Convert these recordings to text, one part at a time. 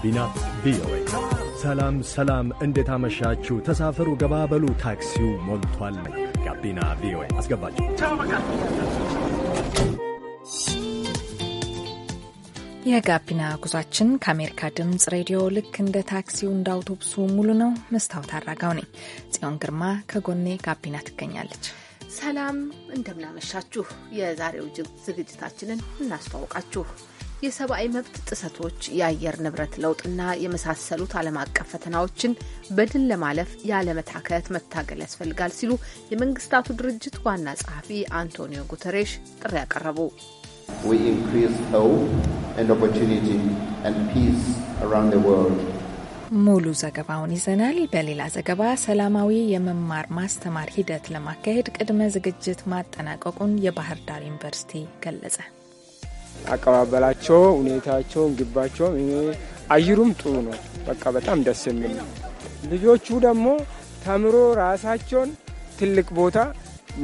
ጋቢና ቪኦኤ። ሰላም ሰላም፣ እንዴት አመሻችሁ? ተሳፈሩ፣ ገባበሉ፣ ታክሲው ሞልቷል። ጋቢና ቪኦኤ አስገባችሁ። የጋቢና ጉዟችን ከአሜሪካ ድምፅ ሬዲዮ ልክ እንደ ታክሲው እንደ አውቶቡሱ ሙሉ ነው። መስታወት አራጋው ነኝ። ጽዮን ግርማ ከጎኔ ጋቢና ትገኛለች። ሰላም እንደምናመሻችሁ። የዛሬው ዝግጅታችንን እናስተዋውቃችሁ። የሰብአዊ መብት ጥሰቶች፣ የአየር ንብረት ለውጥና የመሳሰሉት ዓለም አቀፍ ፈተናዎችን በድል ለማለፍ ያለመታከት መታገል ያስፈልጋል ሲሉ የመንግስታቱ ድርጅት ዋና ጸሐፊ አንቶኒዮ ጉተሬሽ ጥሪ ያቀረቡ ሙሉ ዘገባውን ይዘናል። በሌላ ዘገባ ሰላማዊ የመማር ማስተማር ሂደት ለማካሄድ ቅድመ ዝግጅት ማጠናቀቁን የባህር ዳር ዩኒቨርሲቲ ገለጸ። አቀባበላቸው፣ ሁኔታቸው፣ ግባቸው፣ አየሩም ጥሩ ነው። በቃ በጣም ደስ የሚል ነው። ልጆቹ ደግሞ ተምሮ ራሳቸውን ትልቅ ቦታ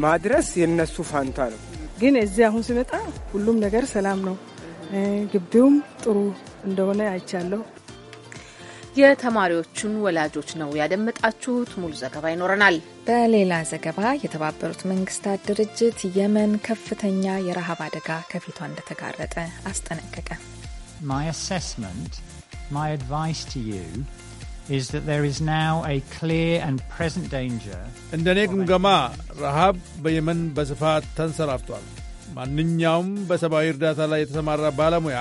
ማድረስ የነሱ ፋንታ ነው። ግን እዚህ አሁን ስመጣ ሁሉም ነገር ሰላም ነው። ግቢውም ጥሩ እንደሆነ አይቻለሁ። የተማሪዎቹን ወላጆች ነው ያደመጣችሁት። ሙሉ ዘገባ ይኖረናል። በሌላ ዘገባ የተባበሩት መንግስታት ድርጅት የመን ከፍተኛ የረሃብ አደጋ ከፊቷ እንደተጋረጠ አስጠነቀቀ። My assessment, my advice to you is that there is now a clear and present danger. እንደ እኔ ግምገማ ረሃብ በየመን በስፋት ተንሰራፍቷል። ማንኛውም በሰብአዊ እርዳታ ላይ የተሰማራ ባለሙያ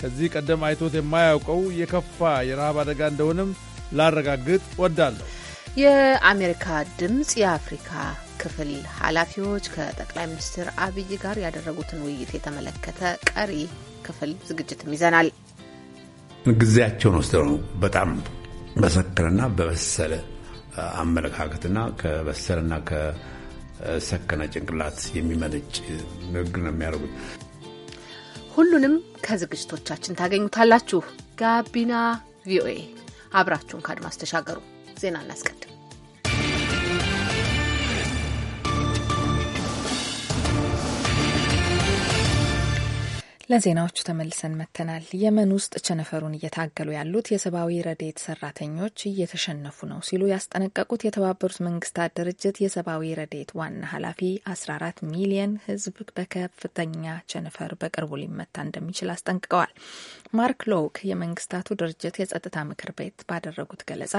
ከዚህ ቀደም አይቶት የማያውቀው የከፋ የረሃብ አደጋ እንደሆነም ላረጋግጥ ወዳለሁ። የአሜሪካ ድምፅ የአፍሪካ ክፍል ኃላፊዎች ከጠቅላይ ሚኒስትር አብይ ጋር ያደረጉትን ውይይት የተመለከተ ቀሪ ክፍል ዝግጅትም ይዘናል። ጊዜያቸውን ወስደው ነው በጣም በሰከረና በበሰለ አመለካከትና ከበሰለና ከሰከነ ጭንቅላት የሚመነጭ ንግግር ነው የሚያደርጉት። ሁሉንም ከዝግጅቶቻችን ታገኙታላችሁ። ጋቢና ቪኦኤ አብራችሁን ከአድማስ ተሻገሩ። ዜና እናስቀ ለዜናዎቹ ተመልሰን መተናል የመን ውስጥ ቸነፈሩን እየታገሉ ያሉት የሰብአዊ ረዴት ሰራተኞች እየተሸነፉ ነው ሲሉ ያስጠነቀቁት የተባበሩት መንግስታት ድርጅት የሰብአዊ ረዴት ዋና ኃላፊ 14 ሚሊየን ህዝብ በከፍተኛ ቸነፈር በቅርቡ ሊመታ እንደሚችል አስጠንቅቀዋል። ማርክ ሎክ የመንግስታቱ ድርጅት የጸጥታ ምክር ቤት ባደረጉት ገለጻ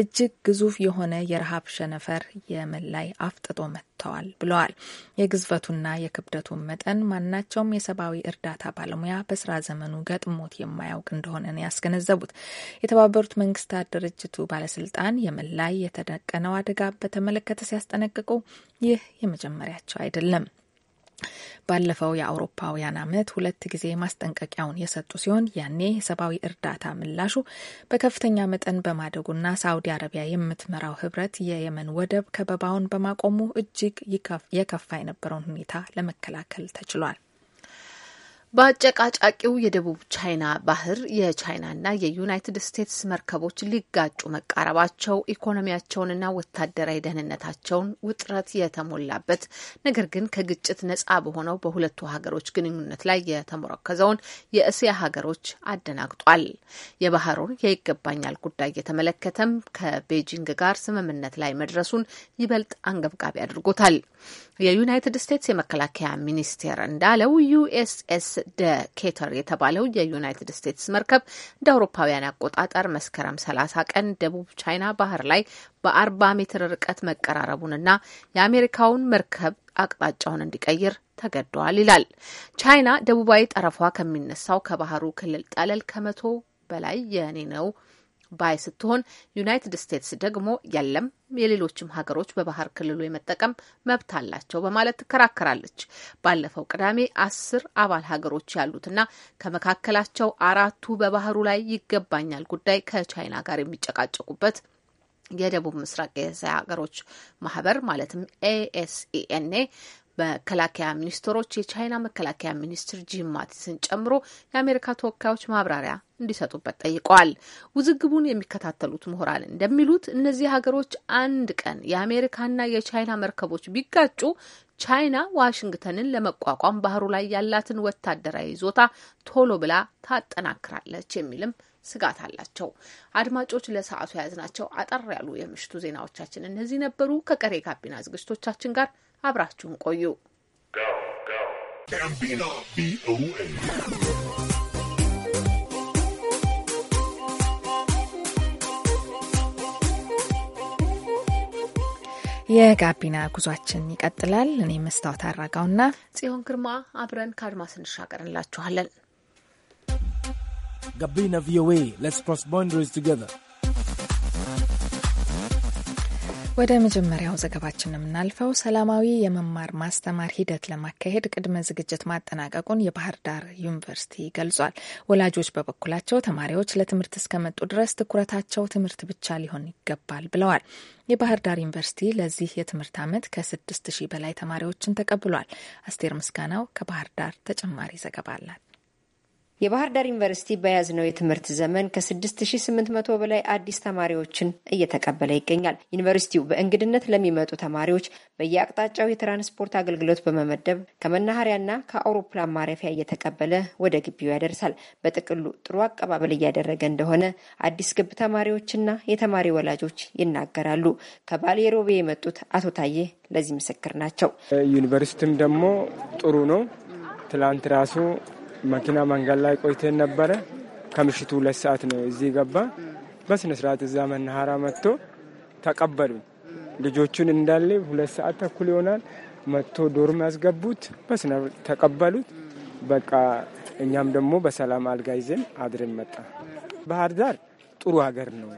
እጅግ ግዙፍ የሆነ የረሃብ ሸነፈር የመን ላይ አፍጥጦ መጥተዋል ብለዋል። የግዝፈቱና የክብደቱ መጠን ማናቸውም የሰብአዊ እርዳታ ባለሙያ በስራ ዘመኑ ገጥሞት የማያውቅ እንደሆነ ነው ያስገነዘቡት። የተባበሩት መንግስታት ድርጅቱ ባለስልጣን የመን ላይ የተደቀነው አደጋ በተመለከተ ሲያስጠነቅቁ ይህ የመጀመሪያቸው አይደለም። ባለፈው የአውሮፓውያን አመት ሁለት ጊዜ ማስጠንቀቂያውን የሰጡ ሲሆን ያኔ የሰብአዊ እርዳታ ምላሹ በከፍተኛ መጠን በማደጉና ሳውዲ አረቢያ የምትመራው ህብረት የየመን ወደብ ከበባውን በማቆሙ እጅግ የከፋ የነበረውን ሁኔታ ለመከላከል ተችሏል። በአጨቃጫቂው የደቡብ ቻይና ባህር የቻይናና የዩናይትድ ስቴትስ መርከቦች ሊጋጩ መቃረባቸው ኢኮኖሚያቸውንና ወታደራዊ ደህንነታቸውን ውጥረት የተሞላበት ነገር ግን ከግጭት ነጻ በሆነው በሁለቱ ሀገሮች ግንኙነት ላይ የተሞረከዘውን የእስያ ሀገሮች አደናግጧል። የባህሩን የይገባኛል ጉዳይ የተመለከተም ከቤጂንግ ጋር ስምምነት ላይ መድረሱን ይበልጥ አንገብጋቢ አድርጎታል። የዩናይትድ ስቴትስ የመከላከያ ሚኒስቴር እንዳለው ዩኤስኤስ ኬተር የተባለው የዩናይትድ ስቴትስ መርከብ እንደ አውሮፓውያን አቆጣጠር መስከረም 30 ቀን ደቡብ ቻይና ባህር ላይ በ40 ሜትር ርቀት መቀራረቡንና የአሜሪካውን መርከብ አቅጣጫውን እንዲቀይር ተገደዋል ይላል። ቻይና ደቡባዊ ጠረፏ ከሚነሳው ከባህሩ ክልል ጠለል ከመቶ በላይ የኔ ነው ባይ ስትሆን ዩናይትድ ስቴትስ ደግሞ የለም የሌሎችም ሀገሮች በባህር ክልሉ የመጠቀም መብት አላቸው በማለት ትከራከራለች። ባለፈው ቅዳሜ አስር አባል ሀገሮች ያሉትና ከመካከላቸው አራቱ በባህሩ ላይ ይገባኛል ጉዳይ ከቻይና ጋር የሚጨቃጨቁበት የደቡብ ምስራቅ የእስያ ሀገሮች ማህበር ማለትም ኤኤስኢኤንኤ መከላከያ ሚኒስትሮች የቻይና መከላከያ ሚኒስትር ጂም ማቲስን ጨምሮ የአሜሪካ ተወካዮች ማብራሪያ እንዲሰጡበት ጠይቀዋል። ውዝግቡን የሚከታተሉት ምሁራን እንደሚሉት እነዚህ ሀገሮች አንድ ቀን የአሜሪካና የቻይና መርከቦች ቢጋጩ ቻይና ዋሽንግተንን ለመቋቋም ባህሩ ላይ ያላትን ወታደራዊ ይዞታ ቶሎ ብላ ታጠናክራለች የሚልም ስጋት አላቸው። አድማጮች፣ ለሰዓቱ የያዝናቸው አጠር ያሉ የምሽቱ ዜናዎቻችን እነዚህ ነበሩ። ከቀሬ ጋቢና ዝግጅቶቻችን ጋር አብራችሁን ቆዩ። የጋቢና ጉዟችን ይቀጥላል። እኔ መስታወት አራጋውና ጽዮን ግርማ አብረን ከአድማስ ስንሻገር እንላችኋለን። ጋቢና ቪኦኤ ሌትስ ክሮስ ባውንደሪስ ቱጌዘር ወደ መጀመሪያው ዘገባችን የምናልፈው ሰላማዊ የመማር ማስተማር ሂደት ለማካሄድ ቅድመ ዝግጅት ማጠናቀቁን የባህር ዳር ዩኒቨርሲቲ ገልጿል። ወላጆች በበኩላቸው ተማሪዎች ለትምህርት እስከመጡ ድረስ ትኩረታቸው ትምህርት ብቻ ሊሆን ይገባል ብለዋል። የባህር ዳር ዩኒቨርሲቲ ለዚህ የትምህርት ዓመት 6 ሺህ በላይ ተማሪዎችን ተቀብሏል። አስቴር ምስጋናው ከባህር ዳር ተጨማሪ ዘገባ አላት። የባህር ዳር ዩኒቨርሲቲ በያዝነው የትምህርት ዘመን ከ6800 በላይ አዲስ ተማሪዎችን እየተቀበለ ይገኛል። ዩኒቨርሲቲው በእንግድነት ለሚመጡ ተማሪዎች በየአቅጣጫው የትራንስፖርት አገልግሎት በመመደብ ከመናኸሪያና ከአውሮፕላን ማረፊያ እየተቀበለ ወደ ግቢው ያደርሳል። በጥቅሉ ጥሩ አቀባበል እያደረገ እንደሆነ አዲስ ግብ ተማሪዎችና የተማሪ ወላጆች ይናገራሉ። ከባሌ ሮቤ የመጡት አቶ ታዬ ለዚህ ምስክር ናቸው። ዩኒቨርሲቲም ደግሞ ጥሩ ነው። ትላንት ራሱ መኪና መንገድ ላይ ቆይቴን ነበረ። ከምሽቱ ሁለት ሰዓት ነው እዚህ ገባ። በስነ ስርዓት እዛ መናሃራ መጥቶ ተቀበሉ ልጆቹን እንዳለ ሁለት ሰዓት ተኩል ይሆናል መጥቶ ዶርም ያስገቡት፣ በስነ ተቀበሉት። በቃ እኛም ደግሞ በሰላም አልጋ ይዘን አድረን መጣ። ባህር ዳር ጥሩ ሀገር ነው፣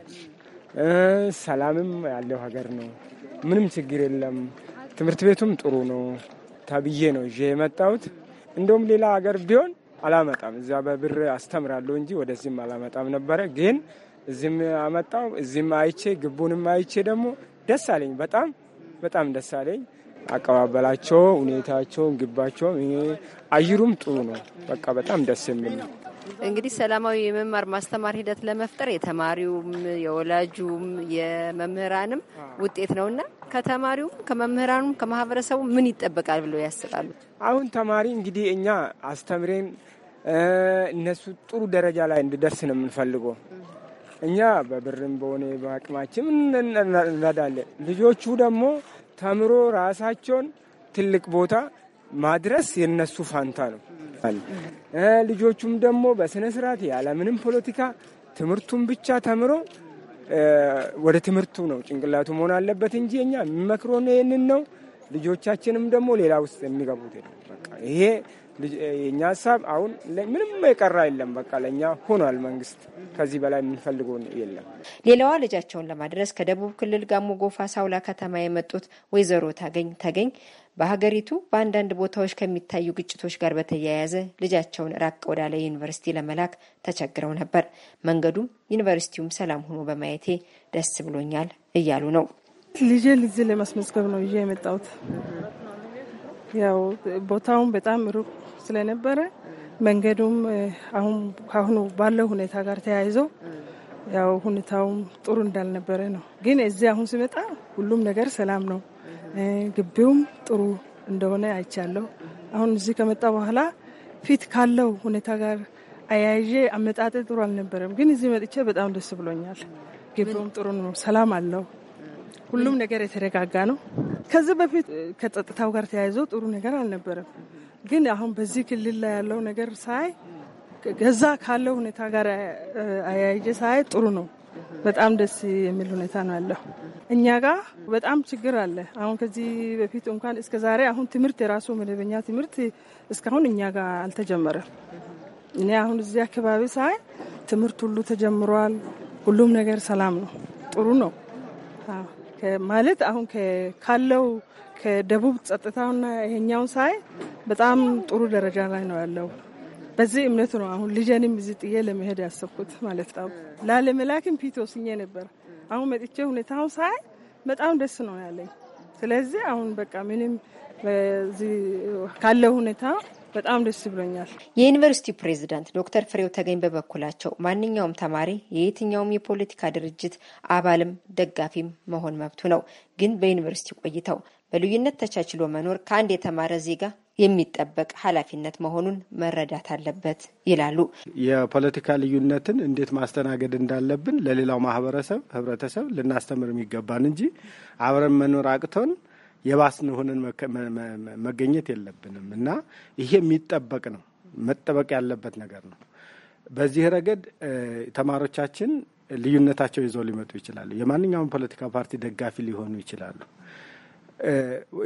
ሰላምም ያለው ሀገር ነው። ምንም ችግር የለም። ትምህርት ቤቱም ጥሩ ነው ተብዬ ነው ይዤ የመጣሁት። እንደውም ሌላ ሀገር ቢሆን አላመጣም። እዚያ በብር አስተምራለሁ እንጂ ወደዚህም አላመጣም ነበረ። ግን እዚህም አመጣው። እዚህም አይቼ ግቡንም አይቼ ደግሞ ደስ አለኝ። በጣም በጣም ደስ አለኝ። አቀባበላቸው፣ ሁኔታቸው፣ ግባቸው፣ አየሩም ጥሩ ነው። በቃ በጣም ደስ የሚል ነው። እንግዲህ ሰላማዊ የመማር ማስተማር ሂደት ለመፍጠር የተማሪውም የወላጁም የመምህራንም ውጤት ነው እና ከተማሪውም ከመምህራኑም ከማህበረሰቡ ምን ይጠበቃል ብለው ያስባሉ? አሁን ተማሪ እንግዲህ እኛ አስተምሬን እነሱ ጥሩ ደረጃ ላይ እንዲደርስ ነው የምንፈልገው። እኛ በብርም በሆነ በአቅማችን እንረዳለን። ልጆቹ ደግሞ ተምሮ ራሳቸውን ትልቅ ቦታ ማድረስ የነሱ ፋንታ ነው። ልጆቹም ደግሞ በስነ ስርዓት ያለምንም ፖለቲካ ትምህርቱን ብቻ ተምሮ ወደ ትምህርቱ ነው ጭንቅላቱ መሆን አለበት እንጂ እኛ የሚመክሮን ይህንን ነው። ልጆቻችንም ደግሞ ሌላ ውስጥ የሚገቡት ይሄ የእኛ ሀሳብ አሁን ምንም የቀራ የለም። በቃ ለእኛ ሆኗል። መንግስት ከዚህ በላይ የምንፈልገው የለም። ሌላዋ ልጃቸውን ለማድረስ ከደቡብ ክልል ጋሞ ጎፋ ሳውላ ከተማ የመጡት ወይዘሮ ታገኝ ተገኝ በሀገሪቱ በአንዳንድ ቦታዎች ከሚታዩ ግጭቶች ጋር በተያያዘ ልጃቸውን ራቅ ወዳለ ዩኒቨርሲቲ ለመላክ ተቸግረው ነበር። መንገዱም ዩኒቨርሲቲውም ሰላም ሆኖ በማየቴ ደስ ብሎኛል እያሉ ነው። ልጄ ልዜ ለማስመዝገብ ነው ይዤ የመጣሁት። ያው ቦታውም በጣም ሩቅ ስለነበረ መንገዱም አሁን ካሁኑ ባለው ሁኔታ ጋር ተያይዞ ያው ሁኔታውም ጥሩ እንዳልነበረ ነው። ግን እዚህ አሁን ስመጣ ሁሉም ነገር ሰላም ነው። ግቢውም ጥሩ እንደሆነ አይቻለሁ። አሁን እዚህ ከመጣ በኋላ ፊት ካለው ሁኔታ ጋር አያይዤ አመጣጤ ጥሩ አልነበረም፣ ግን እዚህ መጥቼ በጣም ደስ ብሎኛል። ግቢውም ጥሩ ነው፣ ሰላም አለው። ሁሉም ነገር የተረጋጋ ነው። ከዚህ በፊት ከጸጥታው ጋር ተያይዞ ጥሩ ነገር አልነበረም፣ ግን አሁን በዚህ ክልል ላይ ያለው ነገር ሳይ ከዛ ካለው ሁኔታ ጋር አያይዤ ሳይ ጥሩ ነው። በጣም ደስ የሚል ሁኔታ ነው ያለው። እኛ ጋር በጣም ችግር አለ። አሁን ከዚህ በፊት እንኳን እስከ ዛሬ አሁን ትምህርት የራሱ መደበኛ ትምህርት እስካሁን እኛ ጋር አልተጀመረም። እኔ አሁን እዚህ አካባቢ ሳይ ትምህርት ሁሉ ተጀምሯል። ሁሉም ነገር ሰላም ነው፣ ጥሩ ነው ማለት አሁን ካለው ከደቡብ ጸጥታውና ይሄኛውን ሳይ በጣም ጥሩ ደረጃ ላይ ነው ያለው። በዚህ እምነት ነው አሁን ልጄንም እዚህ ጥዬ ለመሄድ ያሰብኩት ማለት ነው። ላለመላክም ፊት ወስኜ ነበር። አሁን መጥቼ ሁኔታው ሳይ በጣም ደስ ነው ያለኝ። ስለዚህ አሁን በቃ ምንም ካለው ሁኔታ በጣም ደስ ብሎኛል። የዩኒቨርሲቲው ፕሬዝዳንት ዶክተር ፍሬው ተገኝ በበኩላቸው ማንኛውም ተማሪ የየትኛውም የፖለቲካ ድርጅት አባልም ደጋፊም መሆን መብቱ ነው። ግን በዩኒቨርሲቲ ቆይተው በልዩነት ተቻችሎ መኖር ከአንድ የተማረ ዜጋ የሚጠበቅ ኃላፊነት መሆኑን መረዳት አለበት ይላሉ። የፖለቲካ ልዩነትን እንዴት ማስተናገድ እንዳለብን ለሌላው ማህበረሰብ ህብረተሰብ ልናስተምር የሚገባን እንጂ አብረን መኖር አቅቶን የባስን ሆነን መገኘት የለብንም እና ይሄ የሚጠበቅ ነው፣ መጠበቅ ያለበት ነገር ነው። በዚህ ረገድ ተማሪዎቻችን ልዩነታቸው ይዘው ሊመጡ ይችላሉ። የማንኛውም ፖለቲካ ፓርቲ ደጋፊ ሊሆኑ ይችላሉ።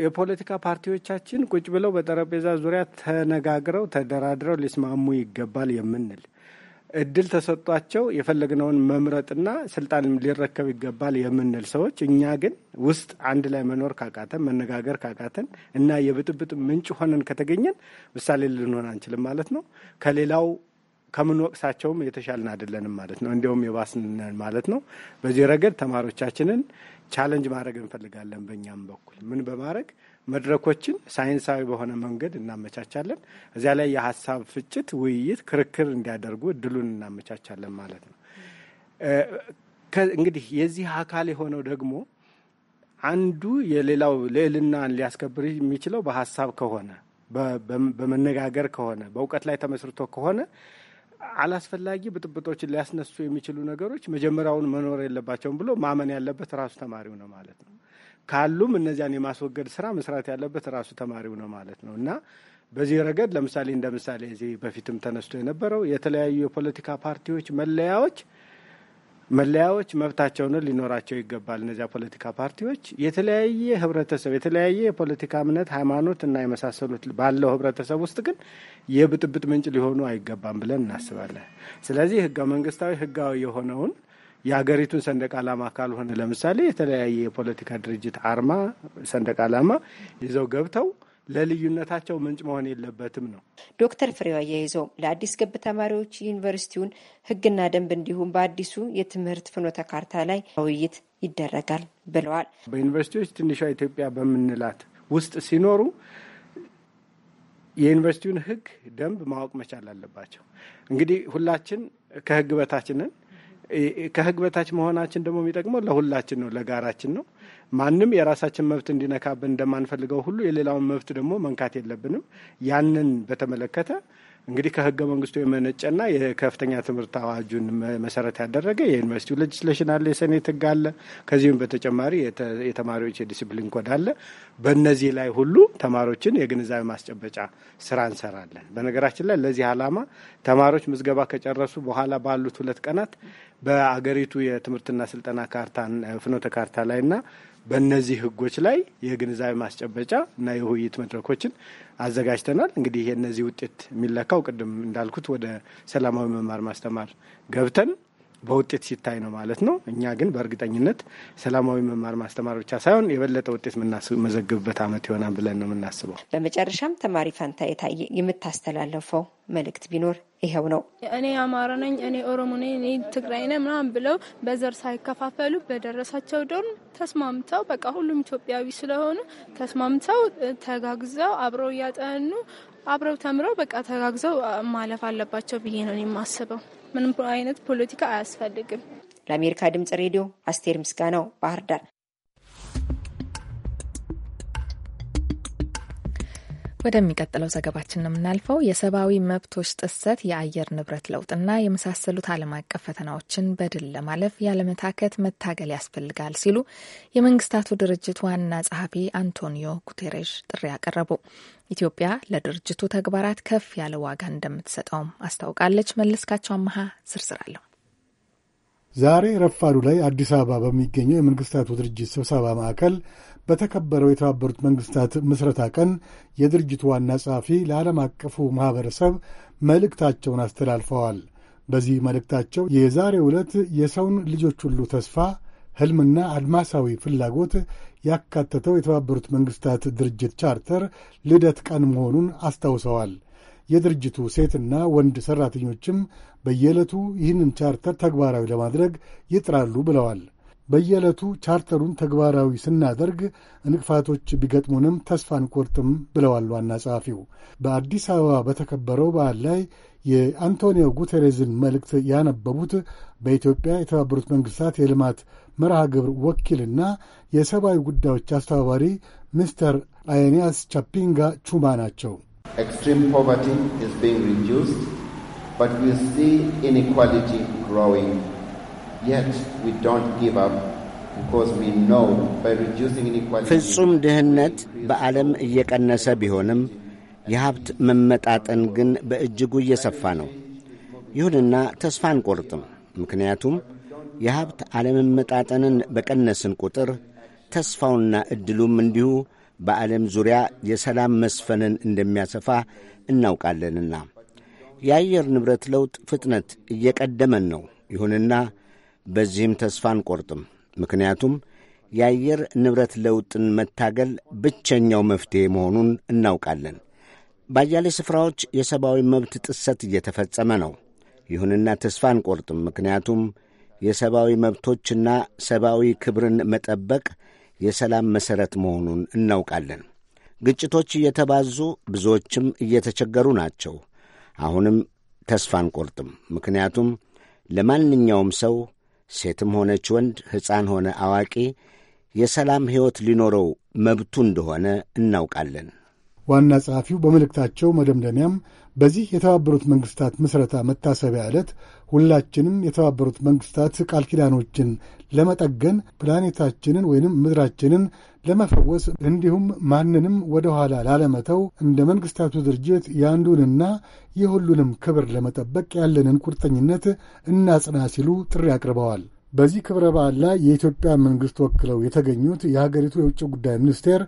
የፖለቲካ ፓርቲዎቻችን ቁጭ ብለው በጠረጴዛ ዙሪያ ተነጋግረው ተደራድረው ሊስማሙ ይገባል የምንል እድል ተሰጧቸው የፈለግነውን መምረጥና ስልጣን ሊረከብ ይገባል የምንል ሰዎች፣ እኛ ግን ውስጥ አንድ ላይ መኖር ካቃተን መነጋገር ካቃተን እና የብጥብጥ ምንጭ ሆነን ከተገኘን ምሳሌ ልንሆን አንችልም ማለት ነው። ከሌላው ከምንወቅሳቸውም የተሻልን አይደለንም ማለት ነው። እንዲያውም የባስንን ማለት ነው። በዚህ ረገድ ተማሪዎቻችንን ቻለንጅ ማድረግ እንፈልጋለን። በእኛም በኩል ምን በማድረግ መድረኮችን ሳይንሳዊ በሆነ መንገድ እናመቻቻለን። እዚያ ላይ የሀሳብ ፍጭት፣ ውይይት፣ ክርክር እንዲያደርጉ እድሉን እናመቻቻለን ማለት ነው። እንግዲህ የዚህ አካል የሆነው ደግሞ አንዱ የሌላው ልዕልናን ሊያስከብር የሚችለው በሀሳብ ከሆነ በመነጋገር ከሆነ በእውቀት ላይ ተመስርቶ ከሆነ አላስፈላጊ ብጥብጦችን ሊያስነሱ የሚችሉ ነገሮች መጀመሪያውን መኖር የለባቸውም ብሎ ማመን ያለበት ራሱ ተማሪው ነው ማለት ነው። ካሉም እነዚያን የማስወገድ ስራ መስራት ያለበት ራሱ ተማሪው ነው ማለት ነው እና በዚህ ረገድ ለምሳሌ እንደ ምሳሌ እዚህ በፊትም ተነስቶ የነበረው የተለያዩ የፖለቲካ ፓርቲዎች መለያዎች መለያዎች መብታቸውን ሊኖራቸው ይገባል። እነዚያ ፖለቲካ ፓርቲዎች የተለያየ ህብረተሰብ የተለያየ የፖለቲካ እምነት፣ ሃይማኖት እና የመሳሰሉት ባለው ህብረተሰብ ውስጥ ግን የብጥብጥ ምንጭ ሊሆኑ አይገባም ብለን እናስባለን። ስለዚህ ህገ መንግስታዊ ህጋዊ የሆነውን የሀገሪቱን ሰንደቅ ዓላማ ካልሆነ ለምሳሌ የተለያየ የፖለቲካ ድርጅት አርማ ሰንደቅ ዓላማ ይዘው ገብተው ለልዩነታቸው ምንጭ መሆን የለበትም ነው። ዶክተር ፍሬው አያይዘው ለአዲስ ገብ ተማሪዎች ዩኒቨርሲቲውን ሕግና ደንብ እንዲሁም በአዲሱ የትምህርት ፍኖተ ካርታ ላይ ውይይት ይደረጋል ብለዋል። በዩኒቨርሲቲዎች ትንሿ ኢትዮጵያ በምንላት ውስጥ ሲኖሩ የዩኒቨርሲቲውን ሕግ ደንብ ማወቅ መቻል አለባቸው። እንግዲህ ሁላችን ከሕግ በታችንን ከህግ በታች መሆናችን ደግሞ የሚጠቅመው ለሁላችን ነው፣ ለጋራችን ነው። ማንም የራሳችን መብት እንዲነካብን እንደማንፈልገው ሁሉ የሌላውን መብት ደግሞ መንካት የለብንም። ያንን በተመለከተ እንግዲህ ከህገ መንግስቱ የመነጨና የከፍተኛ ትምህርት አዋጁን መሰረት ያደረገ የዩኒቨርሲቲው ሌጅስሌሽን አለ፣ የሰኔት ህግ አለ። ከዚህም በተጨማሪ የተማሪዎች የዲስፕሊን ኮድ አለ። በእነዚህ ላይ ሁሉ ተማሪዎችን የግንዛቤ ማስጨበጫ ስራ እንሰራለን። በነገራችን ላይ ለዚህ አላማ ተማሪዎች ምዝገባ ከጨረሱ በኋላ ባሉት ሁለት ቀናት በአገሪቱ የትምህርትና ስልጠና ካርታን ፍኖተ ካርታ ላይና በእነዚህ ህጎች ላይ የግንዛቤ ማስጨበጫ እና የውይይት መድረኮችን አዘጋጅተናል። እንግዲህ የእነዚህ ውጤት የሚለካው ቅድም እንዳልኩት ወደ ሰላማዊ መማር ማስተማር ገብተን በውጤት ሲታይ ነው ማለት ነው። እኛ ግን በእርግጠኝነት ሰላማዊ መማር ማስተማር ብቻ ሳይሆን የበለጠ ውጤት የምናስመዘግብበት ዓመት ይሆናል ብለን ነው የምናስበው። በመጨረሻም ተማሪ ፋንታ የታየ የምታስተላለፈው መልእክት ቢኖር ይኸው ነው። እኔ አማራ ነኝ፣ እኔ ኦሮሞ ነኝ፣ እኔ ትግራይ ነኝ ምናምን ብለው በዘር ሳይከፋፈሉ በደረሳቸው ዶርም ተስማምተው በቃ ሁሉም ኢትዮጵያዊ ስለሆኑ ተስማምተው ተጋግዘው አብረው እያጠኑ አብረው ተምረው በቃ ተጋግዘው ማለፍ አለባቸው ብዬ ነው የማስበው። ምንም አይነት ፖለቲካ አያስፈልግም። ለአሜሪካ ድምጽ ሬዲዮ አስቴር ምስጋናው ባህር ዳር። ወደሚቀጥለው ዘገባችን ነው የምናልፈው። የሰብአዊ መብቶች ጥሰት፣ የአየር ንብረት ለውጥና የመሳሰሉት ዓለም አቀፍ ፈተናዎችን በድል ለማለፍ ያለመታከት መታገል ያስፈልጋል ሲሉ የመንግስታቱ ድርጅት ዋና ጸሐፊ አንቶኒዮ ጉቴሬሽ ጥሪ አቀረቡ። ኢትዮጵያ ለድርጅቱ ተግባራት ከፍ ያለ ዋጋ እንደምትሰጠውም አስታውቃለች። መለስካቸው አመሃ ዝርዝር አለሁ ዛሬ ረፋዱ ላይ አዲስ አበባ በሚገኘው የመንግስታቱ ድርጅት ስብሰባ ማዕከል በተከበረው የተባበሩት መንግስታት ምስረታ ቀን የድርጅቱ ዋና ጸሐፊ ለዓለም አቀፉ ማኅበረሰብ መልእክታቸውን አስተላልፈዋል። በዚህ መልእክታቸው የዛሬ ዕለት የሰውን ልጆች ሁሉ ተስፋ ሕልምና አድማሳዊ ፍላጎት ያካተተው የተባበሩት መንግስታት ድርጅት ቻርተር ልደት ቀን መሆኑን አስታውሰዋል። የድርጅቱ ሴትና ወንድ ሠራተኞችም በየዕለቱ ይህንን ቻርተር ተግባራዊ ለማድረግ ይጥራሉ ብለዋል። በየዕለቱ ቻርተሩን ተግባራዊ ስናደርግ እንቅፋቶች ቢገጥሙንም ተስፋ አንቆርጥም ብለዋል ዋና ጸሐፊው። በአዲስ አበባ በተከበረው በዓል ላይ የአንቶኒዮ ጉቴሬዝን መልእክት ያነበቡት በኢትዮጵያ የተባበሩት መንግሥታት የልማት መርሃ ግብር ወኪልና የሰብአዊ ጉዳዮች አስተባባሪ ሚስተር አይንያስ ቻፒንጋ ቹማ ናቸው። ኤክስትሪም ፖቨርቲ ኢዝ ቢንግ ሪዱስድ ባት ዊ ሲ ኢንኢኳሊቲ ግሮዊንግ የት ዊ ዶንት ጊቭ አፕ ፍጹም ድህነት በዓለም እየቀነሰ ቢሆንም የሀብት መመጣጠን ግን በእጅጉ እየሰፋ ነው። ይሁንና ተስፋ አንቆርጥም፣ ምክንያቱም የሀብት አለመመጣጠንን በቀነስን ቁጥር ተስፋውና ዕድሉም እንዲሁ በዓለም ዙሪያ የሰላም መስፈንን እንደሚያሰፋ እናውቃለንና የአየር ንብረት ለውጥ ፍጥነት እየቀደመን ነው። ይሁንና በዚህም ተስፋ አንቆርጥም። ምክንያቱም የአየር ንብረት ለውጥን መታገል ብቸኛው መፍትሔ መሆኑን እናውቃለን። ባያሌ ስፍራዎች የሰብአዊ መብት ጥሰት እየተፈጸመ ነው። ይሁንና ተስፋ አንቆርጥም። ምክንያቱም የሰብአዊ መብቶችና ሰብአዊ ክብርን መጠበቅ የሰላም መሠረት መሆኑን እናውቃለን። ግጭቶች እየተባዙ ብዙዎችም እየተቸገሩ ናቸው። አሁንም ተስፋ አንቆርጥም። ምክንያቱም ለማንኛውም ሰው ሴትም ሆነች ወንድ፣ ሕፃን ሆነ አዋቂ የሰላም ሕይወት ሊኖረው መብቱ እንደሆነ እናውቃለን። ዋና ጸሐፊው በመልእክታቸው መደምደሚያም በዚህ የተባበሩት መንግስታት ምስረታ መታሰቢያ ዕለት ሁላችንም የተባበሩት መንግስታት ቃል ኪዳኖችን ለመጠገን ፕላኔታችንን ወይንም ምድራችንን ለመፈወስ እንዲሁም ማንንም ወደ ኋላ ላለመተው እንደ መንግስታቱ ድርጅት የአንዱንና የሁሉንም ክብር ለመጠበቅ ያለንን ቁርጠኝነት እናጽና ሲሉ ጥሪ አቅርበዋል። በዚህ ክብረ በዓል ላይ የኢትዮጵያ መንግሥት ወክለው የተገኙት የሀገሪቱ የውጭ ጉዳይ ሚኒስቴር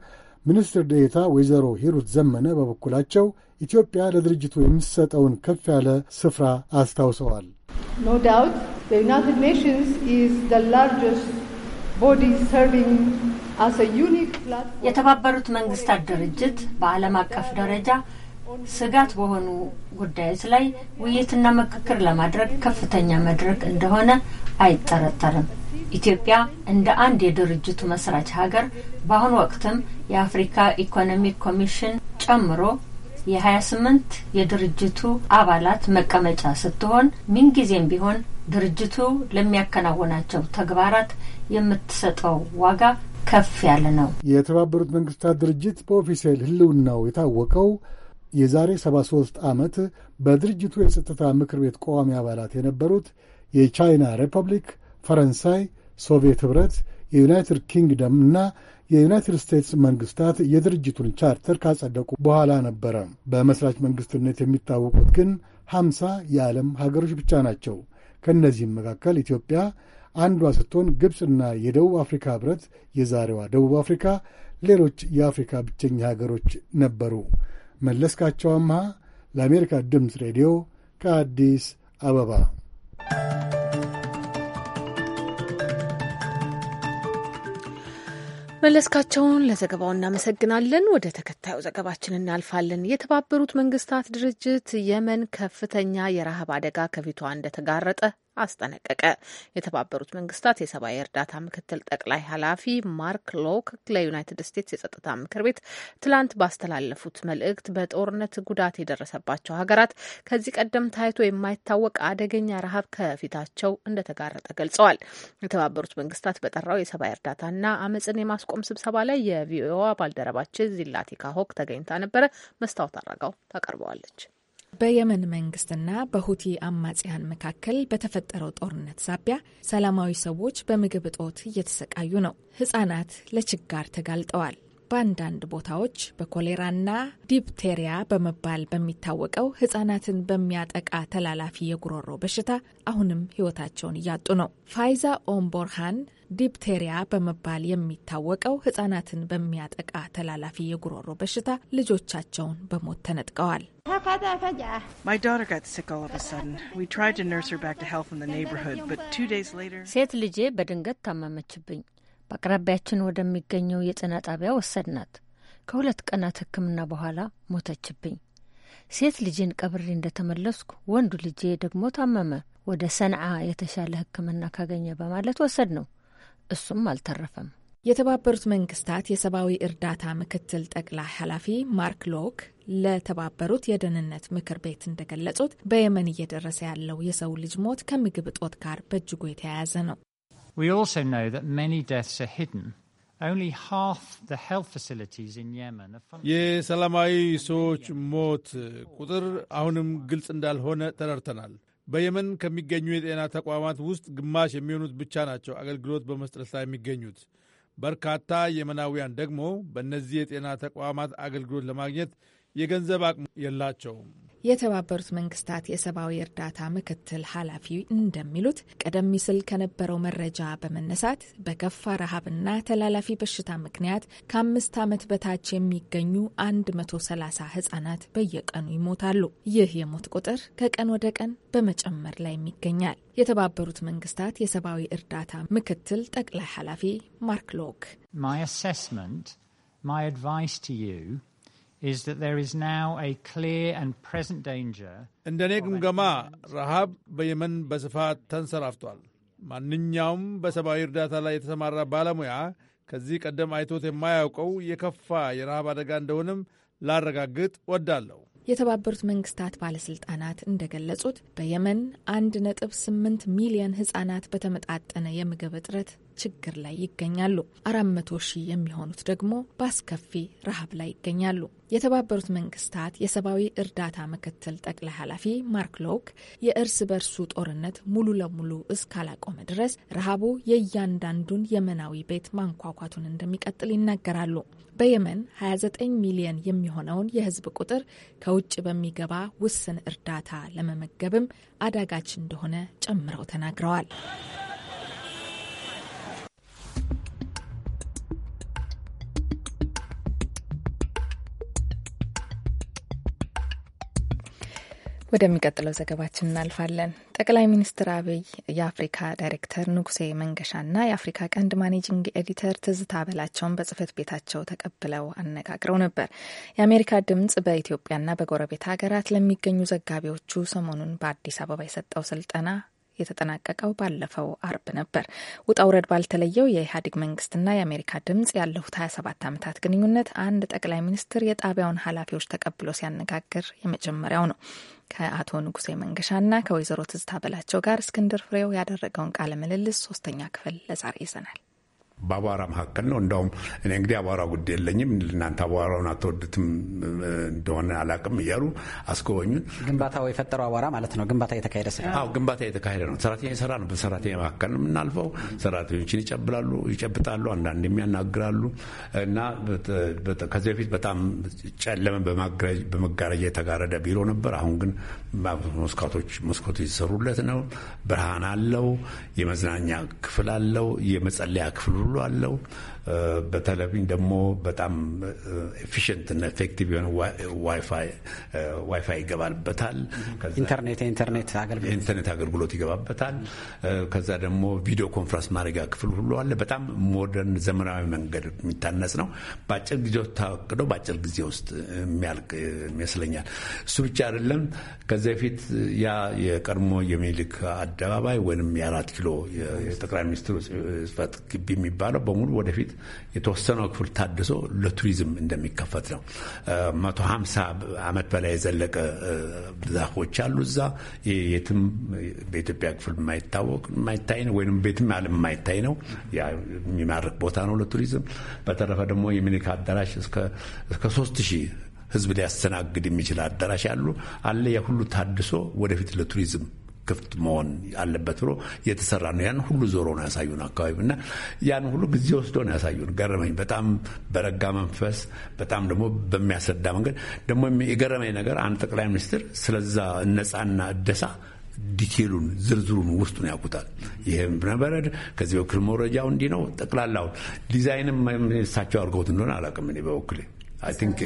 ሚኒስትር ዴታ ወይዘሮ ሂሩት ዘመነ በበኩላቸው ኢትዮጵያ ለድርጅቱ የምትሰጠውን ከፍ ያለ ስፍራ አስታውሰዋል። ኖ ዳውት ዩናይትድ ኔሽንስ ኢዝ ዘ ላርጀስት ቦዲ ሰርቪንግ አስ ዩኒክ ፕላትፎርም የተባበሩት መንግስታት ድርጅት በዓለም አቀፍ ደረጃ ስጋት በሆኑ ጉዳዮች ላይ ውይይትና ምክክር ለማድረግ ከፍተኛ መድረክ እንደሆነ አይጠረጠርም። ኢትዮጵያ እንደ አንድ የድርጅቱ መስራች ሀገር በአሁኑ ወቅትም የአፍሪካ ኢኮኖሚክ ኮሚሽን ጨምሮ የሀያ ስምንት የድርጅቱ አባላት መቀመጫ ስትሆን ምንጊዜም ቢሆን ድርጅቱ ለሚያከናውናቸው ተግባራት የምትሰጠው ዋጋ ከፍ ያለ ነው። የተባበሩት መንግስታት ድርጅት በኦፊሴል ህልውናው የታወቀው የዛሬ 73 ዓመት በድርጅቱ የጸጥታ ምክር ቤት ቋሚ አባላት የነበሩት የቻይና ሪፐብሊክ ፈረንሳይ፣ ሶቪየት ኅብረት፣ የዩናይትድ ኪንግደም እና የዩናይትድ ስቴትስ መንግሥታት የድርጅቱን ቻርተር ካጸደቁ በኋላ ነበረ። በመሥራች መንግሥትነት የሚታወቁት ግን ሀምሳ የዓለም ሀገሮች ብቻ ናቸው። ከእነዚህም መካከል ኢትዮጵያ አንዷ ስትሆን ግብፅና የደቡብ አፍሪካ ኅብረት የዛሬዋ ደቡብ አፍሪካ ሌሎች የአፍሪካ ብቸኛ ሀገሮች ነበሩ። መለስካቸው አምሃ ለአሜሪካ ድምፅ ሬዲዮ ከአዲስ አበባ መለስካቸውን ለዘገባው እናመሰግናለን። ወደ ተከታዩ ዘገባችን እናልፋለን። የተባበሩት መንግስታት ድርጅት የመን ከፍተኛ የረሃብ አደጋ ከፊቷ እንደተጋረጠ አስጠነቀቀ። የተባበሩት መንግስታት የሰብአዊ እርዳታ ምክትል ጠቅላይ ኃላፊ ማርክ ሎክ ለዩናይትድ ስቴትስ የጸጥታ ምክር ቤት ትላንት ባስተላለፉት መልእክት በጦርነት ጉዳት የደረሰባቸው ሀገራት ከዚህ ቀደም ታይቶ የማይታወቅ አደገኛ ረሃብ ከፊታቸው እንደተጋረጠ ገልጸዋል። የተባበሩት መንግስታት በጠራው የሰብአዊ እርዳታና አመፅን የማስቆም ስብሰባ ላይ የቪኦኤዋ ባልደረባችን ዚላቲካ ሆክ ተገኝታ ነበረ። መስታወት አድረጋው ታቀርበዋለች። በየመን መንግስትና በሁቲ አማጽያን መካከል በተፈጠረው ጦርነት ሳቢያ ሰላማዊ ሰዎች በምግብ እጦት እየተሰቃዩ ነው። ህጻናት ለችጋር ተጋልጠዋል። በአንዳንድ ቦታዎች በኮሌራና ዲፕቴሪያ በመባል በሚታወቀው ህጻናትን በሚያጠቃ ተላላፊ የጉሮሮ በሽታ አሁንም ህይወታቸውን እያጡ ነው። ፋይዛ ኦምቦርሃን ዲፕቴሪያ በመባል የሚታወቀው ህጻናትን በሚያጠቃ ተላላፊ የጉሮሮ በሽታ ልጆቻቸውን በሞት ተነጥቀዋል። ሴት ልጄ በድንገት ታመመችብኝ። በአቅራቢያችን ወደሚገኘው የጤና ጣቢያ ወሰድናት። ከሁለት ቀናት ሕክምና በኋላ ሞተችብኝ። ሴት ልጄን ቀብሬ እንደተመለስኩ ወንዱ ልጄ ደግሞ ታመመ። ወደ ሰንዓ የተሻለ ሕክምና ካገኘ በማለት ወሰድ ነው። እሱም አልተረፈም። የተባበሩት መንግስታት የሰብአዊ እርዳታ ምክትል ጠቅላይ ኃላፊ ማርክ ሎክ ለተባበሩት የደህንነት ምክር ቤት እንደገለጹት በየመን እየደረሰ ያለው የሰው ልጅ ሞት ከምግብ እጦት ጋር በእጅጉ የተያያዘ ነው። We also know that many deaths are hidden. Only half the health facilities in Yemen are funded. የሰላማዊ ሰዎች ሞት ቁጥር አሁንም ግልጽ እንዳልሆነ ተረድተናል። በየመን ከሚገኙ የጤና ተቋማት ውስጥ ግማሽ የሚሆኑት ብቻ ናቸው አገልግሎት በመስጠት ላይ የሚገኙት። በርካታ የመናውያን ደግሞ በእነዚህ የጤና ተቋማት አገልግሎት ለማግኘት የገንዘብ አቅሙ የላቸውም። የተባበሩት መንግስታት የሰብአዊ እርዳታ ምክትል ኃላፊ እንደሚሉት ቀደም ሲል ከነበረው መረጃ በመነሳት በከፋ ረሃብና ተላላፊ በሽታ ምክንያት ከአምስት ዓመት በታች የሚገኙ 130 ህጻናት በየቀኑ ይሞታሉ። ይህ የሞት ቁጥር ከቀን ወደ ቀን በመጨመር ላይ ይገኛል። የተባበሩት መንግስታት የሰብአዊ እርዳታ ምክትል ጠቅላይ ኃላፊ ማርክ ሎክ My እንደ እኔ ግምገማ ረሃብ በየመን በስፋት ተንሰራፍቷል። ማንኛውም በሰብአዊ እርዳታ ላይ የተሰማራ ባለሙያ ከዚህ ቀደም አይቶት የማያውቀው የከፋ የረሃብ አደጋ እንደሆነም ላረጋግጥ ወዳለሁ። የተባበሩት መንግስታት ባለስልጣናት እንደገለጹት በየመን 1.8 ሚሊዮን ህጻናት በተመጣጠነ የምግብ እጥረት ችግር ላይ ይገኛሉ። አራት መቶ ሺህ የሚሆኑት ደግሞ በአስከፊ ረሃብ ላይ ይገኛሉ። የተባበሩት መንግስታት የሰብአዊ እርዳታ ምክትል ጠቅላይ ኃላፊ ማርክ ሎክ የእርስ በርሱ ጦርነት ሙሉ ለሙሉ እስካላቆመ ድረስ ረሃቡ የእያንዳንዱን የመናዊ ቤት ማንኳኳቱን እንደሚቀጥል ይናገራሉ። በየመን 29 ሚሊዮን የሚሆነውን የህዝብ ቁጥር ከውጭ በሚገባ ውስን እርዳታ ለመመገብም አዳጋች እንደሆነ ጨምረው ተናግረዋል። ወደሚቀጥለው ዘገባችን እናልፋለን። ጠቅላይ ሚኒስትር አብይ የአፍሪካ ዳይሬክተር ንጉሴ መንገሻና የአፍሪካ ቀንድ ማኔጂንግ ኤዲተር ትዝታ በላቸውን በጽህፈት ቤታቸው ተቀብለው አነጋግረው ነበር። የአሜሪካ ድምጽ በኢትዮጵያና በጎረቤት ሀገራት ለሚገኙ ዘጋቢዎቹ ሰሞኑን በአዲስ አበባ የሰጠው ስልጠና የተጠናቀቀው ባለፈው አርብ ነበር። ውጣ ውረድ ባልተለየው የኢህአዴግ መንግስትና የአሜሪካ ድምጽ ያለፉት 27 ዓመታት ግንኙነት አንድ ጠቅላይ ሚኒስትር የጣቢያውን ኃላፊዎች ተቀብሎ ሲያነጋግር የመጀመሪያው ነው። ከአቶ ንጉሴ መንገሻና ከወይዘሮ ትዝታ በላቸው ጋር እስክንድር ፍሬው ያደረገውን ቃለ ምልልስ ሶስተኛ ክፍል ለዛሬ ይዘናል። በአቧራ መካከል ነው። እንዳውም እኔ እንግዲህ አቧራ ጉዳይ የለኝም እናንተ አቧራውን አትወዱትም እንደሆነ አላቅም እያሉ አስጎበኙን። ግንባታው የፈጠረው አቧራ ማለት ነው። ግንባታ የተካሄደ ስራ አዎ፣ ግንባታ የተካሄደ ነው። ሰራተኛ የሰራ ነው። በሰራተኛ መካከል ነው የምናልፈው። ሰራተኞችን ይጨብላሉ፣ ይጨብጣሉ፣ አንዳንድ የሚያናግራሉ እና ከዚህ በፊት በጣም ጨለመን በመጋረጃ የተጋረደ ቢሮ ነበር። አሁን ግን መስኮቶች መስኮቶች የተሰሩለት ነው። ብርሃን አለው። የመዝናኛ ክፍል አለው። የመጸለያ ክፍል ሁሉ አለው። በተለይም ደግሞ በጣም ኤፊሽንት እና ኤፌክቲቭ የሆነ ዋይፋይ ይገባልበታል። ኢንተርኔት አገልግሎት ይገባበታል። ከዛ ደግሞ ቪዲዮ ኮንፈረንስ ማድረጊያ ክፍል ሁሉ አለ። በጣም ሞደርን ዘመናዊ መንገድ የሚታነጽ ነው። በአጭር ጊዜ ታቅዶ በአጭር ጊዜ ውስጥ የሚያልቅ ይመስለኛል። እሱ ብቻ አይደለም። ከዚ በፊት ያ የቀድሞ የሚኒልክ አደባባይ ወይም የአራት ኪሎ የጠቅላይ ሚኒስትሩ ጽፈት ግቢ የሚባለው በሙሉ ወደፊት የተወሰነው ክፍል ታድሶ ለቱሪዝም እንደሚከፈት ነው። ሀምሳ ዓመት በላይ የዘለቀ ዛፎች አሉ እዛ የትም በኢትዮጵያ ክፍል የማይታወቅ የማይታይ ነው፣ ወይም ቤትም ያለ የማይታይ ነው። የሚማርክ ቦታ ነው ለቱሪዝም። በተረፈ ደግሞ የሚኒክ አዳራሽ እስከ ሶስት ሺህ ህዝብ ሊያስተናግድ የሚችል አዳራሽ አሉ አለ። ያ ሁሉ ታድሶ ወደፊት ለቱሪዝም ክፍት መሆን አለበት ብሎ የተሰራ ነው። ያን ሁሉ ዞሮ ነው ያሳዩን አካባቢ እና ያን ሁሉ ጊዜ ወስዶ ነው ያሳዩን። ገረመኝ በጣም በረጋ መንፈስ፣ በጣም ደግሞ በሚያስረዳ መንገድ ደግሞ የገረመኝ ነገር አንድ ጠቅላይ ሚኒስትር ስለዛ ነፃና እደሳ ዲቴሉን ዝርዝሩን ውስጡን ያውቁታል። ይህም ነበረድ ከዚህ በኩል መረጃው እንዲህ ነው። ጠቅላላው ዲዛይንም እሳቸው አድርገውት እንደሆነ አላውቅም እኔ በበኩሌ ቲንክ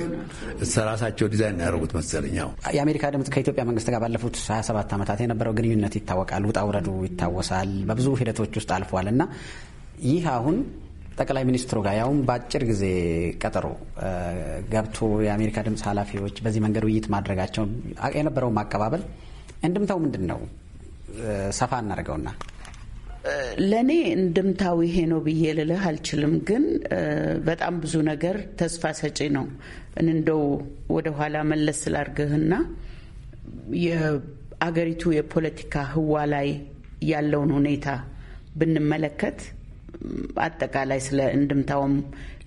ራሳቸው ዲዛይን ያደርጉት መሰለኛው። የአሜሪካ ድምፅ ከኢትዮጵያ መንግስት ጋር ባለፉት 27 ዓመታት የነበረው ግንኙነት ይታወቃል። ውጣ ውረዱ ይታወሳል። በብዙ ሂደቶች ውስጥ አልፏል እና ይህ አሁን ጠቅላይ ሚኒስትሩ ጋር ያውም በአጭር ጊዜ ቀጠሮ ገብቶ የአሜሪካ ድምፅ ኃላፊዎች በዚህ መንገድ ውይይት ማድረጋቸው የነበረውም ማቀባበል እንድምታው ምንድን ነው? ሰፋ እናደርገውና ለእኔ እንድምታው ይሄ ነው ብዬ ልልህ አልችልም፣ ግን በጣም ብዙ ነገር ተስፋ ሰጪ ነው። እንደው ወደኋላ መለስ ስላርግህና የአገሪቱ የፖለቲካ ህዋ ላይ ያለውን ሁኔታ ብንመለከት አጠቃላይ ስለ እንድምታውም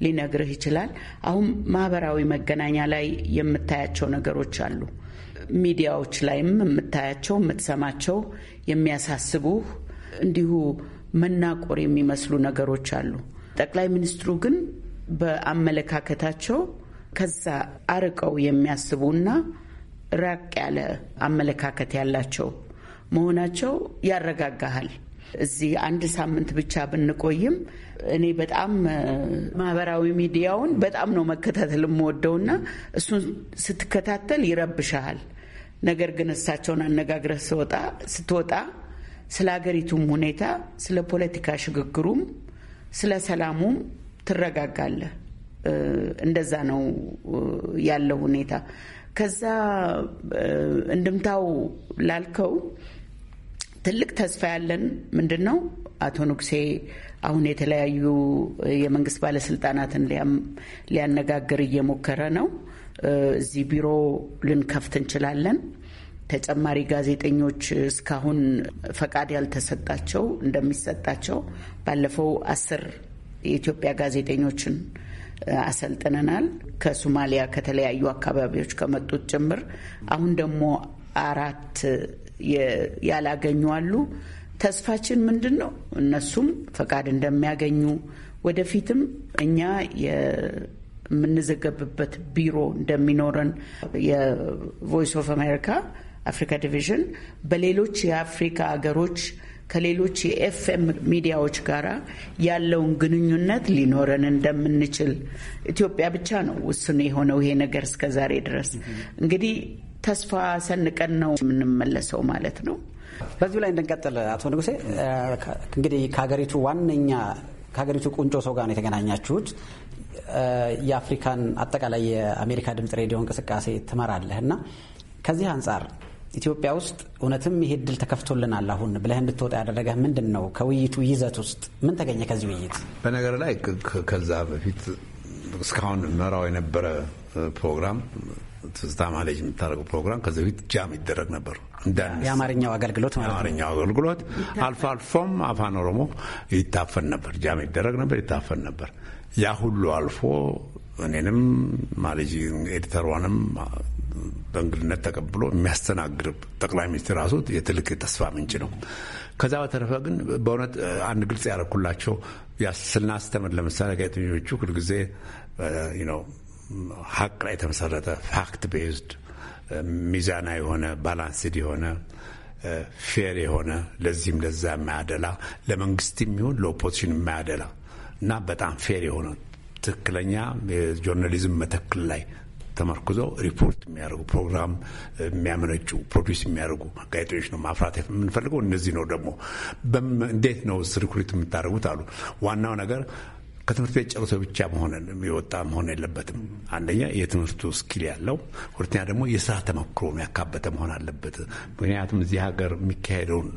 ሊነግርህ ይችላል። አሁን ማህበራዊ መገናኛ ላይ የምታያቸው ነገሮች አሉ። ሚዲያዎች ላይም የምታያቸው፣ የምትሰማቸው የሚያሳስቡህ እንዲሁ መናቆር የሚመስሉ ነገሮች አሉ። ጠቅላይ ሚኒስትሩ ግን በአመለካከታቸው ከዛ አርቀው የሚያስቡና ራቅ ያለ አመለካከት ያላቸው መሆናቸው ያረጋጋሃል። እዚህ አንድ ሳምንት ብቻ ብንቆይም እኔ በጣም ማህበራዊ ሚዲያውን በጣም ነው መከታተል የምወደውና እሱን ስትከታተል ይረብሻሃል። ነገር ግን እሳቸውን አነጋግረህ ስወጣ ስትወጣ ስለ አገሪቱም ሁኔታ፣ ስለ ፖለቲካ ሽግግሩም፣ ስለ ሰላሙም ትረጋጋለህ። እንደዛ ነው ያለው ሁኔታ። ከዛ እንድምታው ላልከው ትልቅ ተስፋ ያለን ምንድን ነው አቶ ንጉሴ አሁን የተለያዩ የመንግስት ባለስልጣናትን ሊያነጋግር እየሞከረ ነው። እዚህ ቢሮ ልንከፍት እንችላለን። ተጨማሪ ጋዜጠኞች እስካሁን ፈቃድ ያልተሰጣቸው እንደሚሰጣቸው ባለፈው አስር የኢትዮጵያ ጋዜጠኞችን አሰልጥነናል። ከሶማሊያ ከተለያዩ አካባቢዎች ከመጡት ጭምር አሁን ደግሞ አራት ያላገኙ አሉ። ተስፋችን ምንድን ነው? እነሱም ፈቃድ እንደሚያገኙ ወደፊትም እኛ የምንዘገብበት ቢሮ እንደሚኖረን የቮይስ ኦፍ አሜሪካ አፍሪካ ዲቪዥን በሌሎች የአፍሪካ ሀገሮች ከሌሎች የኤፍኤም ሚዲያዎች ጋር ያለውን ግንኙነት ሊኖረን እንደምንችል ኢትዮጵያ ብቻ ነው ውስኑ የሆነው ይሄ ነገር እስከ ዛሬ ድረስ እንግዲህ ተስፋ ሰንቀን ነው የምንመለሰው ማለት ነው። በዚሁ ላይ እንድንቀጥል አቶ ንጉሴ እንግዲህ ከሀገሪቱ ዋነኛ ከሀገሪቱ ቁንጮ ሰው ጋር ነው የተገናኛችሁት። የአፍሪካን አጠቃላይ የአሜሪካ ድምፅ ሬዲዮ እንቅስቃሴ ትመራለህ እና ከዚህ አንጻር ኢትዮጵያ ውስጥ እውነትም ይሄ እድል ተከፍቶልናል አሁን ብለህ እንድትወጣ ያደረገህ ምንድን ነው? ከውይይቱ ይዘት ውስጥ ምን ተገኘ ከዚህ ውይይት? በነገር ላይ ከዛ በፊት እስካሁን መራው የነበረ ፕሮግራም ትዝታ ማለጅ የምታደርገው ፕሮግራም ከዚህ በፊት ጃም ይደረግ ነበር። የአማርኛው አገልግሎት የአማርኛው አገልግሎት አልፎ አልፎም አፋን ኦሮሞ ይታፈን ነበር። ጃም ይደረግ ነበር፣ ይታፈን ነበር። ያ ሁሉ አልፎ እኔንም ማለጅ ኤዲተሯንም በእንግድነት ተቀብሎ የሚያስተናግድ ጠቅላይ ሚኒስትር ራሱ የትልቅ ተስፋ ምንጭ ነው። ከዛ በተረፈ ግን በእውነት አንድ ግልጽ ያደረኩላቸው ስናስተምር ለምሳሌ ጋዜጠኞቹ ሁልጊዜ ሀቅ ላይ የተመሰረተ ፋክት ቤዝድ ሚዛና የሆነ ባላንስድ የሆነ ፌር የሆነ ለዚህም ለዛ የማያደላ ለመንግስት የሚሆን ለኦፖዚሽን የማያደላ እና በጣም ፌር የሆነ ትክክለኛ የጆርናሊዝም መተክል ላይ ተመርኩዘው ሪፖርት የሚያደርጉ ፕሮግራም የሚያመነጩ ፕሮዲስ የሚያደርጉ ጋዜጠኞች ነው ማፍራት የምንፈልገው። እነዚህ ነው ደግሞ እንዴት ነው ስሪኩሪት የምታደርጉት አሉ። ዋናው ነገር ከትምህርት ቤት ጨርሶ ብቻ መሆን የወጣ መሆን የለበትም። አንደኛ የትምህርቱ ስኪል ያለው፣ ሁለተኛ ደግሞ የስራ ተመክሮ ያካበተ መሆን አለበት። ምክንያቱም እዚህ ሀገር የሚካሄደውን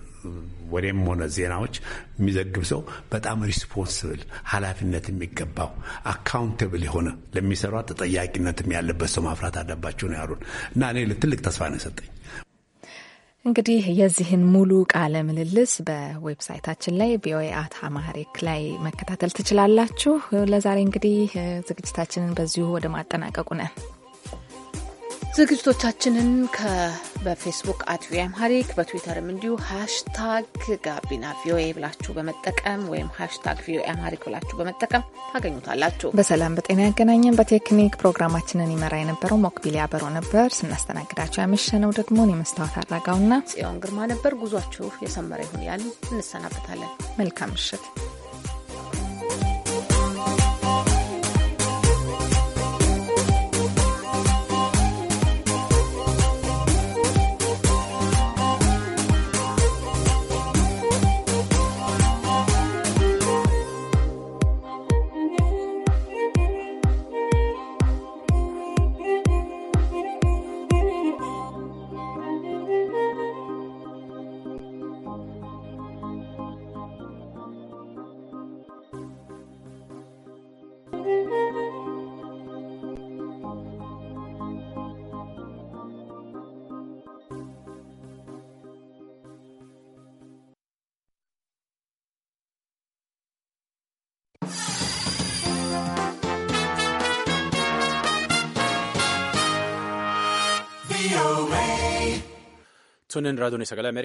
ወይም ሆነ ዜናዎች የሚዘግብ ሰው በጣም ሪስፖንስብል ኃላፊነት የሚገባው አካውንተብል የሆነ ለሚሰራ ተጠያቂነትም ያለበት ሰው ማፍራት አለባቸው ነው ያሉን እና እኔ ትልቅ ተስፋ ነው የሰጠኝ። እንግዲህ የዚህን ሙሉ ቃለ ምልልስ በዌብሳይታችን ላይ ቪኦኤ አት አማሪክ ላይ መከታተል ትችላላችሁ። ለዛሬ እንግዲህ ዝግጅታችንን በዚሁ ወደ ማጠናቀቁ ነን። ዝግጅቶቻችንን በፌስቡክ አት ቪኦኤ አምሃሪክ በትዊተርም እንዲሁ ሃሽታግ ጋቢና ቪኦኤ ብላችሁ በመጠቀም ወይም ሃሽታግ ቪኦኤ አምሃሪክ ብላችሁ በመጠቀም ታገኙታላችሁ። በሰላም በጤና ያገናኘን። በቴክኒክ ፕሮግራማችንን ይመራ የነበረው ሞክቢል ያበረው ነበር። ስናስተናግዳቸው ያመሸነው ደግሞ የመስታወት አድራጋውና ጽዮን ግርማ ነበር። ጉዟችሁ የሰመረ ይሁን ያልን እንሰናበታለን። መልካም ምሽት። Sono in Radio Unica, la